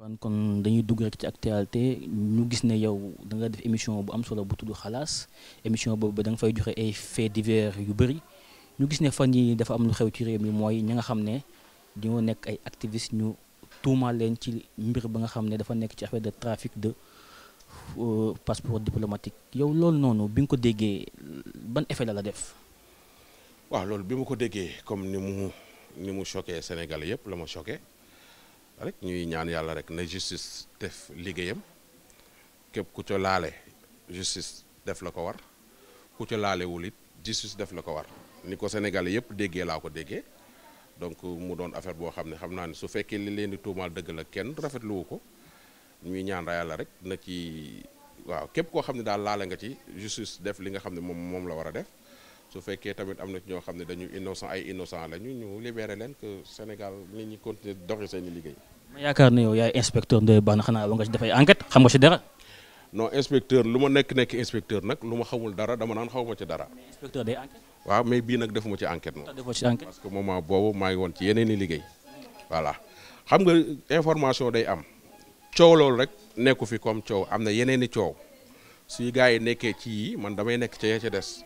kon kon dañuy dugg rek ci actualité ñu gis ne yow da nga def émission bu am solo bu tudd xalaas émission boobu ba danga fay joxe ay faits divers yu bëri ñu gis ne fan yi dafa am lu xew ci réew mi mooy ña nga xam ne dañoo nekk ay activistes ñu tuumaal leen ci mbir ba nga xam ne dafa nekk ci affaire de trafic de euh, passeport diplomatique yow loolu noonu bi nga ko déggee ban effet la la def. waaw loolu bi ma ko déggee comme ni mu ni mu choqué Sénégal yëpp la ma choqué. rek ñuy ñaan yàlla rek na justice def liggéeyam képp ku ca laale justice def la ko war ku ca laalewul it justice def la ko war ni ko Sénégalais yëpp déggee laa ko déggee donc mu doon affaire boo xam ne xam naa ne su fekkee li leen di tuumaal dëgg la kenn rafetlu wu ko ñuy ñaan yàlla rek na ci waaw képp koo xam ne daal laale nga ci justice def li nga xam ne moom moom la war a def su fekkee tamit am na ci ñoo xam ne dañu innocent ay innocent la ñu ñu libéré leen que Sénégal nit ñi continuer doxi seen i liggéey. ma yaakaar ne yow yaay inspecteur Ndoye Bane xanaa wa nga ci defay enquête xam nga ci dara. non inspecteur lu ma nekk nekk inspecteur nag lu ma xamul dara dama naan xaw ma ci dara. inspecteur waaw mais bii nag defuma ci enquête moom. defoo ci enquête que moment boobu maa ngi woon ci yeneen liggéey. voilà xam nga information day am coow loolu rek nekku fi comme coow am na yeneen i coow suy gars yi nekkee ci man damay nekk ca ya ca des.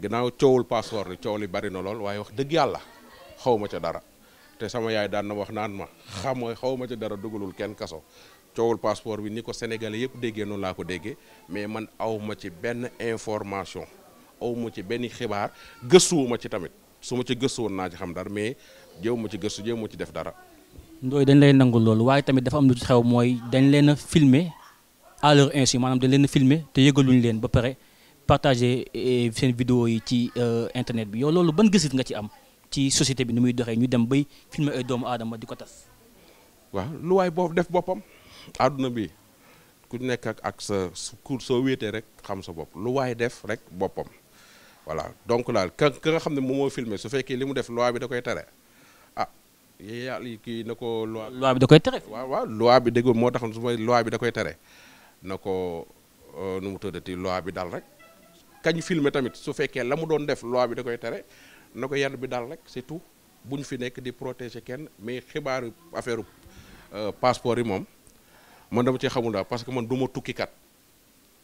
ginnaaw coowul passeport li coow li bari na lool waaye wax dëgg yàlla xaw ma ca dara te sama yaay daan na wax naan ma xam nga xaw ma ca dara dugalul kenn kaso coowul passeport bi ni ko sénégalais yëpp déggee noonu laa ko déggee mais man aw ma ci benn information aw ma ci benn xibaar gëstuwu ma ci tamit su ma ci gëstu naa ci xam dara mais jëw ma ci gëstu jëw ma ci def dara. ndooy dañ lay nangu loolu waaye tamit dafa am lu ci xew mooy dañ leen a filmer à leur maanaam dañ leen a te yëgaluñ leen ba pare. partager eh, seen vidéo yi ci euh, internet bi yow loolu ban gësit nga ci am ci société bi ni muy doxee ñu dem bay filmer ay doomu aadama di ko tas. waaw lu boobu def boppam àdduna bi ku nekk ak ak sa kur soo wéetee rek xam sa bopp lu waay def rek boppam voilà donc daal ka ka nga xam ne moom moo filmé su fekkee li mu def loi bi da koy tere ah yàlla ko. loi da koy tere. waaw waaw loi bi dégg moo tax su ma loi bi da koy tere na ko euh, nu mu tëddati loi bi dal rek. kañ filmer tamit su fekkee la mu doon def loi bi da koy tere na ko yan bi daal rek surtout tout bu ñu fi nekk di protéger kenn mais xibaaru affaire euh, passeport yi moom man dama ci xamul daal parce que man duma tukki tukkikat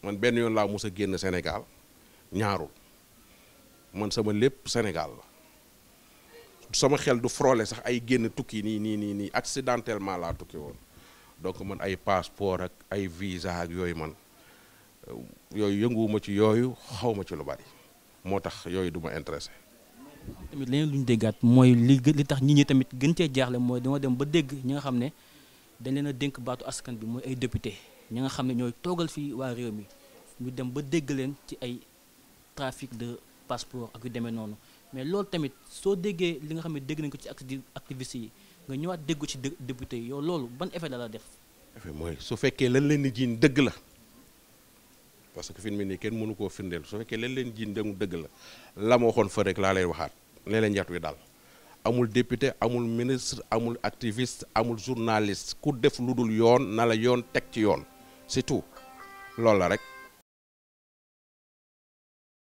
man benn yoon laa mos a génn Sénégal ñaarul man sama lépp Sénégal la sama xel du frôlé sax ay génn tukki nii nii nii nii accidentellement laa tukki woon donc man ay passeport ak ay visa ak yooyu man yooyu yënguwuma ci yooyu xaw ci lu bari moo tax yooyu du ma intéressé. tamit leneen lu ñu déggaat mooy li li tax nit ñi tamit gën cee jaaxle mooy dama dem ba dégg ñi nga xam ne dañ leen a dénk baatu askan bi mooy ay député ñi nga xam ne ñooy toogal fii waa réew mi ñu dem ba dégg leen ci ay trafic de passeport ak yu demee noonu mais loolu tamit soo déggee li nga xam ne dégg nañ ko ci activiste yi nga ñëwaat déggu ci député yi yow loolu ban effet la la def. effet mooy su fekkee lan leen di jiin dëgg la. parce que fi mu nii kenn mënu koo firndeel su fekkee leen leen jiin dem dëgg la la ma waxoon fa rek laa lay waxaat leen leen yat wi daal amul député amul ministre amul activiste amul journaliste ku def lu dul yoon na la yoon teg ci yoon surtout tout loolu la rek